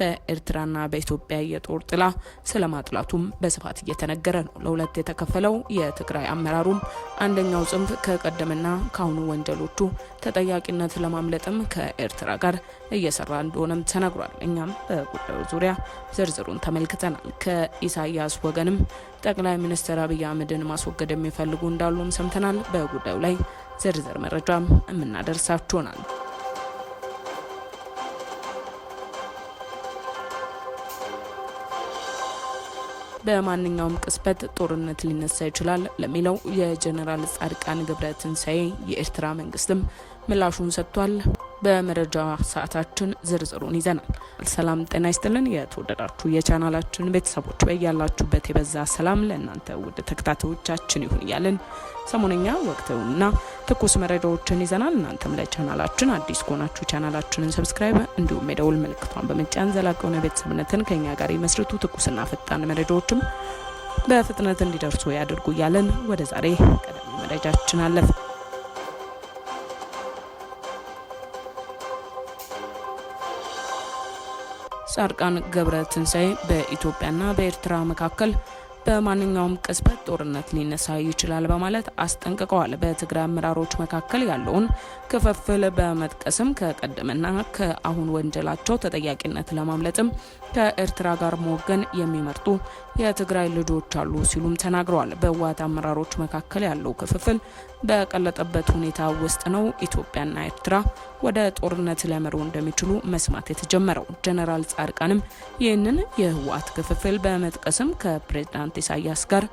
በኤርትራና በኢትዮጵያ የጦር ጥላ ስለማጥላቱም በስፋት እየተነገረ ነው። ለሁለት የተከፈለው የትግራይ አመራሩም አንደኛው ጽንፍ ከቀደምና ከአሁኑ ወንጀሎቹ ተጠያቂነት ለማምለጥም ከኤርትራ ጋር እየሰራ እንደሆነም ተነግሯል። እኛም በጉዳዩ ዙሪያ ዝርዝሩን ተመልክተናል። ከኢሳያስ ወገንም ጠቅላይ ሚኒስትር አብይ አህመድን ማስወገድ የሚፈልጉ እንዳሉም ሰምተናል። በጉዳዩ ላይ ዝርዝር መረጃም የምናደርሳችሁናል። በማንኛውም ቅስበት ጦርነት ሊነሳ ይችላል ለሚለው የጀኔራል ጻድቃን ትንሳኤ የኤርትራ መንግስትም ምላሹን ሰጥቷል። በመረጃ ሰዓታችን ዝርዝሩን ይዘናል። ሰላም ጤና ይስጥልን። የተወደዳችሁ የቻናላችን ቤተሰቦች በያላችሁበት የበዛ ሰላም ለእናንተ ውድ ተከታታዮቻችን ይሁን እያልን ሰሞነኛ ወቅታዊና ትኩስ መረጃዎችን ይዘናል። እናንተም ለቻናላችን አዲስ ከሆናችሁ ቻናላችንን ሰብስክራይብ እንዲሁም የደውል ምልክቷን በመጫን ዘላቂ የሆነ ቤተሰብነትን ከኛ ጋር ይመስርቱ። ትኩስና ፈጣን መረጃዎችም በፍጥነት እንዲደርሱ ያደርጉ እያለን ወደ ዛሬ ቀደም መረጃችን አለፍ ጻድቃን ገብረ ትንሳኤ በኢትዮጵያና በኤርትራ መካከል በማንኛውም ቅጽበት ጦርነት ሊነሳ ይችላል በማለት አስጠንቅቀዋል። በትግራይ አመራሮች መካከል ያለውን ክፍፍል በመጥቀስም ከቀደምና ከአሁን ወንጀላቸው ተጠያቂነት ለማምለጥም ከኤርትራ ጋር መወገን የሚመርጡ የትግራይ ልጆች አሉ ሲሉም ተናግረዋል። በህወሓት አመራሮች መካከል ያለው ክፍፍል በቀለጠበት ሁኔታ ውስጥ ነው ኢትዮጵያና ኤርትራ ወደ ጦርነት ሊያመሩ እንደሚችሉ መስማት የተጀመረው። ጀነራል ጻድቃንም ይህንን የህወሓት ክፍፍል በመጥቀስም ከፕሬዚዳንት ፕሬዝዳንት ኢሳያስ ጋር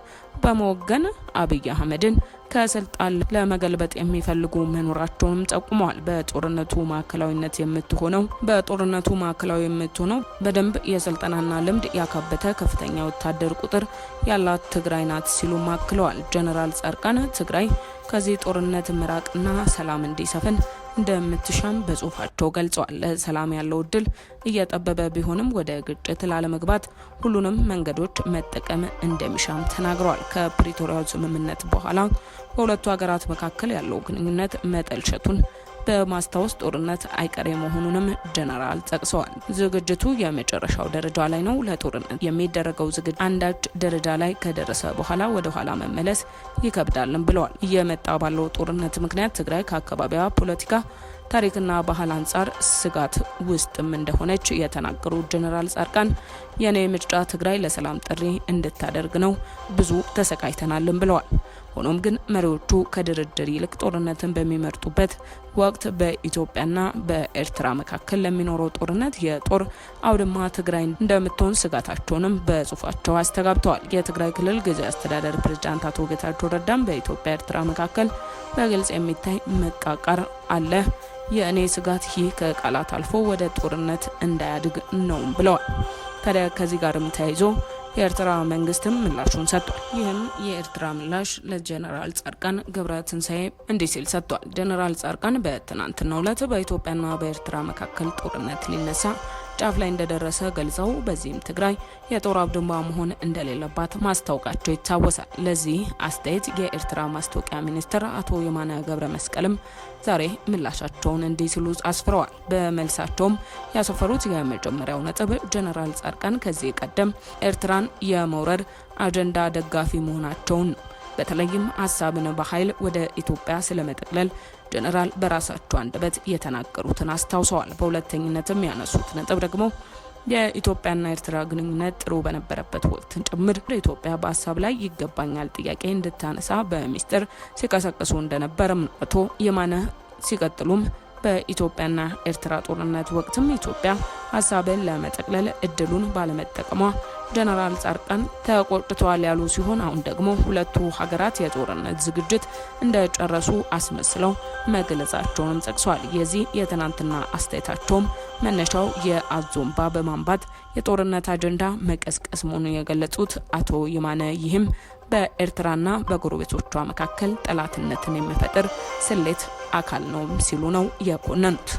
በመወገን አብይ አህመድን ከስልጣን ለመገልበጥ የሚፈልጉ መኖራቸውንም ጠቁመዋል። በጦርነቱ ማዕከላዊነት የምትሆነው በጦርነቱ ማዕከላዊ የምትሆነው በደንብ የስልጠናና ልምድ ያካበተ ከፍተኛ ወታደር ቁጥር ያላት ትግራይ ናት ሲሉ ማክለዋል። ጀነራል ጸርቀን ትግራይ ከዚህ ጦርነት ምራቅና ሰላም እንዲሰፍን እንደምትሻም በጽሁፋቸው ገልጸዋል። ሰላም ያለው እድል እየጠበበ ቢሆንም ወደ ግጭት ላለመግባት ሁሉንም መንገዶች መጠቀም እንደሚሻም ተናግረዋል። ከፕሪቶሪያው ስምምነት በኋላ በሁለቱ ሀገራት መካከል ያለው ግንኙነት መጠልሸቱን በማስታወስ ጦርነት አይቀሬ መሆኑንም ጀነራል ጠቅሰዋል። ዝግጅቱ የመጨረሻው ደረጃ ላይ ነው። ለጦርነት የሚደረገው ዝግጅት አንዳች ደረጃ ላይ ከደረሰ በኋላ ወደ ኋላ መመለስ ይከብዳልም ብለዋል። እየመጣ ባለው ጦርነት ምክንያት ትግራይ ከአካባቢዋ ፖለቲካ ታሪክና ባህል አንጻር ስጋት ውስጥም እንደሆነች የተናገሩ ጀነራል ጻድቃን የኔ ምርጫ ትግራይ ለሰላም ጥሪ እንድታደርግ ነው፣ ብዙ ተሰቃይተናልም ብለዋል። ሆኖም ግን መሪዎቹ ከድርድር ይልቅ ጦርነትን በሚመርጡበት ወቅት በኢትዮጵያና በኤርትራ መካከል ለሚኖረው ጦርነት የጦር አውድማ ትግራይ እንደምትሆን ስጋታቸውንም በጽሁፋቸው አስተጋብተዋል። የትግራይ ክልል ጊዜያዊ አስተዳደር ፕሬዚዳንት አቶ ጌታቸው ረዳም በኢትዮጵያ ኤርትራ መካከል በግልጽ የሚታይ መቃቃር አለ። የእኔ ስጋት ይህ ከቃላት አልፎ ወደ ጦርነት እንዳያድግ ነውም ብለዋል። ታዲያ ከዚህ ጋርም ተያይዞ የኤርትራ መንግስትም ምላሹን ሰጥቷል። ይህም የኤርትራ ምላሽ ለጀነራል ጻድቃን ትንሳኤ እንዲህ ሲል ሰጥቷል። ጀነራል ጻድቃን በትናንትናው ዕለት በኢትዮጵያና በኤርትራ መካከል ጦርነት ሊነሳ ጫፍ ላይ እንደደረሰ ገልጸው በዚህም ትግራይ የጦር አውድማ መሆን እንደሌለባት ማስታወቃቸው ይታወሳል። ለዚህ አስተያየት የኤርትራ ማስታወቂያ ሚኒስትር አቶ የማነ ገብረ መስቀልም ዛሬ ምላሻቸውን እንዲህ ሲሉ አስፍረዋል። በመልሳቸውም ያሰፈሩት የመጀመሪያው ነጥብ ጀነራል ጻድቃን ከዚህ ቀደም ኤርትራን የመውረር አጀንዳ ደጋፊ መሆናቸውን ነው። በተለይም ሀሳብን በኃይል ወደ ኢትዮጵያ ስለመጠቅለል ጀኔራል በራሳቸው አንደበት የተናገሩትን አስታውሰዋል። በሁለተኝነትም ያነሱት ነጥብ ደግሞ የኢትዮጵያና ኤርትራ ግንኙነት ጥሩ በነበረበት ወቅትን ጭምር ኢትዮጵያ በሀሳብ ላይ ይገባኛል ጥያቄ እንድታነሳ በሚስጥር ሲቀሰቅሱ እንደነበርም አቶ የማነ ሲቀጥሉም በኢትዮጵያና ኤርትራ ጦርነት ወቅትም ኢትዮጵያ ሀሳብን ለመጠቅለል እድሉን ባለመጠቀሟ ጀነራል ጻድቃን ተቆጥተዋል ያሉ ሲሆን አሁን ደግሞ ሁለቱ ሀገራት የጦርነት ዝግጅት እንደጨረሱ አስመስለው መግለጻቸውንም ጠቅሷል። የዚህ የትናንትና አስተያየታቸውም መነሻው የአዞምባ በማንባት የጦርነት አጀንዳ መቀስቀስ መሆኑን የገለጹት አቶ ይማነ ይህም በኤርትራና በጎረቤቶቿ መካከል ጠላትነትን የሚፈጥር ስሌት አካል ነው ሲሉ ነው የኮነኑት።